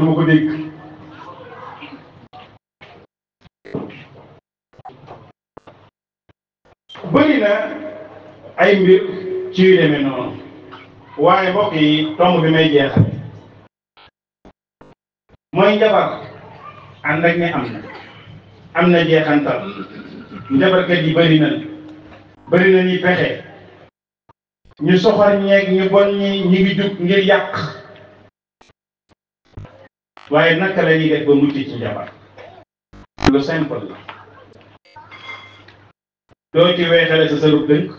du ma ko dégg bëri na ay mbir ci yu noonu waaye mbokk yi bi may jeexal mooy njabar ànd ak ne am na am na jeexantal njabarkat yi bëri na bëri na pexe ñu soxor ñu bon ñi ñi ngi ngir yàq waaye naka la ñuy def ba mucc ci jabar lu simple la doo ci weexale sa sërub dënk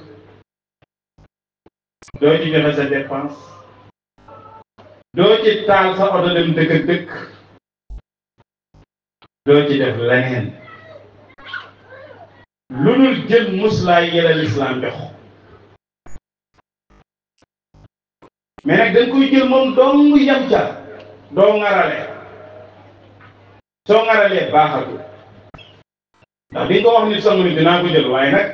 doo ci joxe sa dépense doo ci taal sa oto dem dëkk dëkk doo ci def leneen lu dul jël muslaay yi la lislaam jox mais nag jël moom dong yam ca doo ngarale soo ngaralee baaxatu ndax li nga ko wax ni jël waaye nag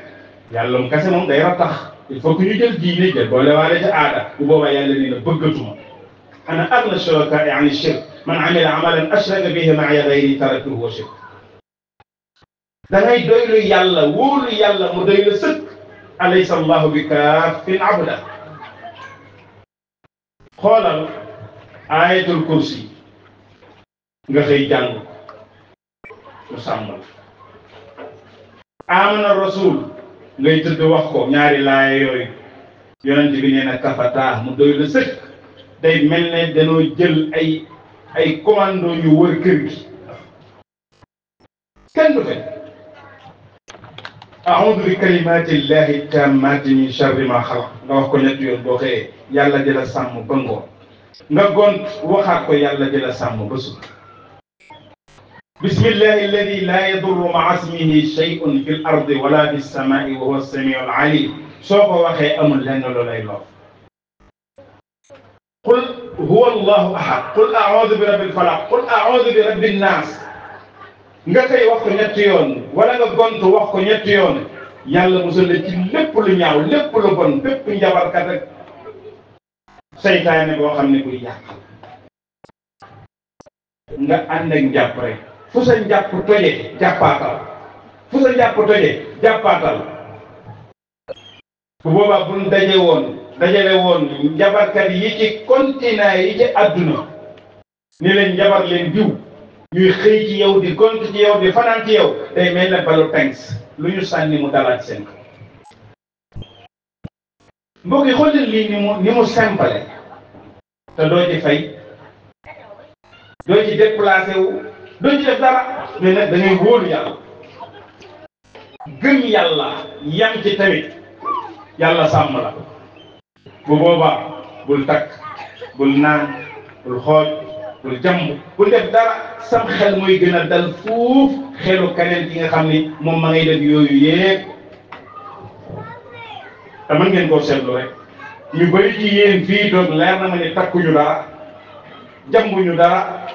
yàlla mu kase moom day rattax il faut que ñu jël jël boole waale ca aada bu boobaa yàlla nee na bëggatuma ana agna shuraka yani shirk man amila amalan ashraka bihi maaya gayri taraktuhu wa shirk da ngay doylu yàlla wóolu yàlla mu doy la sëkk alaysa bi kaafin abda xoolal ayatul kursi nga xëy mu sàmm la amana rasul ngay tëdd wax ko ñaari laaya yooyu yonent bi nee na kafataa mu doy la sëkk day mel ne danoo jël ay ay commando yu wër kër gi kenn du fay aoudu bi kalimatillahi tammati min ma xalaq nga wax ko ñetti yoon boo xëyee yàlla di la sàmm ba ngoon nga gont waxaat ko yàlla di la sàmm ba بسم الله الذي لا يضر مع اسمه شيء في الارض ولا في السماء وهو السميع العليم سوكو واخي امول لن لولاي لوف قل هو الله احد قل اعوذ برب الفلق قل اعوذ برب الناس nga xëy wax ko ñetti yoon wala nga gont wax ko ñetti yoon yàlla musal la ci lépp lu ñaaw lépp lu bon bépp njabarkat ak seytaane boo xam ne buy yàq nga ànd ak njàpp rek fu sa njàpp toje jàppaatal fu sa njàpp toje jàppaatal bu boobaa buñ daje woon dajale woon njabarkat yi ci continent yi ci àdduna ni leen njabar leen diw ñuy xëy ci yow di gont ci yow fanaan ci yow day mel balu tanks lu ñu sànni mu dalaat seen ko mbokk lii ni mu ni mu simple te doo ci fay doo ci déplacé wu duñ ci def dara mais nag yàlla gëm yàlla yam ci tamit yàlla sàmm la bu boobaa bul takk bul naan bul xooj bul jàmb bul def dara sam xel mooy gën a dal fuuf xelu keneen ki nga xam ni moom ma ngay def yooyu yéeg te ngeen koo seetlu rek ñu bëri ci yéen fii doog leer na ma ne takkuñu dara jàmbuñu dara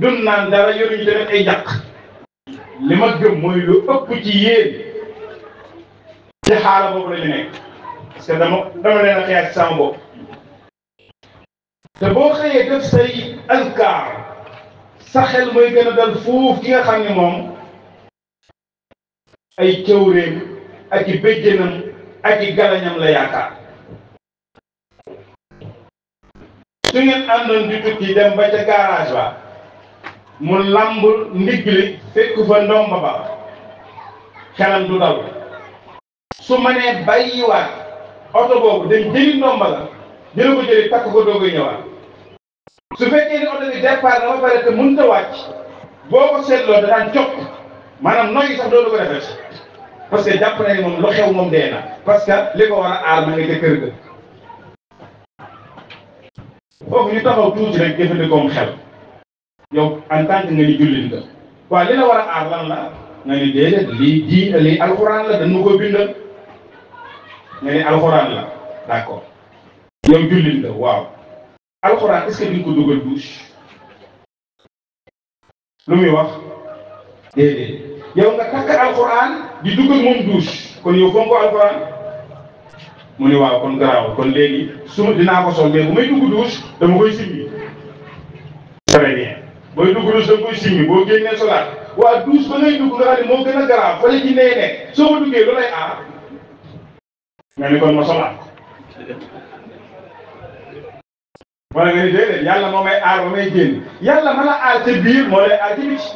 dun naan dara yoruñu tamit ay jàq li ma gëm mooy lu ëpp ci yéen ci xaala boobu la ñu nekk dama dama leen a te boo xëyee def say alkaar sa xel mooy gën a dal fuuf ki nga xam ne moom ay cëwréem ak i béjjénam ak i galañam la yaakaar su ngeen àndoon di dem ba ca garage ba mu lamb ndigg li fekk fa ndomba ba xelam du daw su ma nee bàyyiwaat oto boobu dem jëli ndomba la jëla ko jëli takk ko doog a su fekkee ni oto bi départ na ba pare te mënut a wàcc boo ko seetloo da daan jokk maanaam noyyi sax dootu ko defet parce que jàpp na ni moom dee na parce que li ko war a aar ma nga ca kër ga foofu ñu taxaw tuuti rek jëfandikoom xel yow en tant que nga ni jullit nga waaw li la war a la nga ni déedéet lii di lii alxuraan la dañu ko bindal nga ni alxuraan la d'accord yow jullit nga waaw alxuraan est-ce que duñ ko dugal douche lu muy wax déedéet yow nga takk alxuraan di dugal moom douche kon yow fonko alxuraan mu ne waaw kon garaaw kon léegi su dinaa ko sol mais bu may dugg douche dama koy simbi très bien booy dugg lu sën koy signé boo génnee solaat waa douche ba ngay dugg nga xam ne moo gën a garaaw fële ci nee nekk soo ko duggee lu lay aar nga ni ma solaat wala nga ni déedéet yàlla moo may aar ba may génn yàlla mën a aar ca biir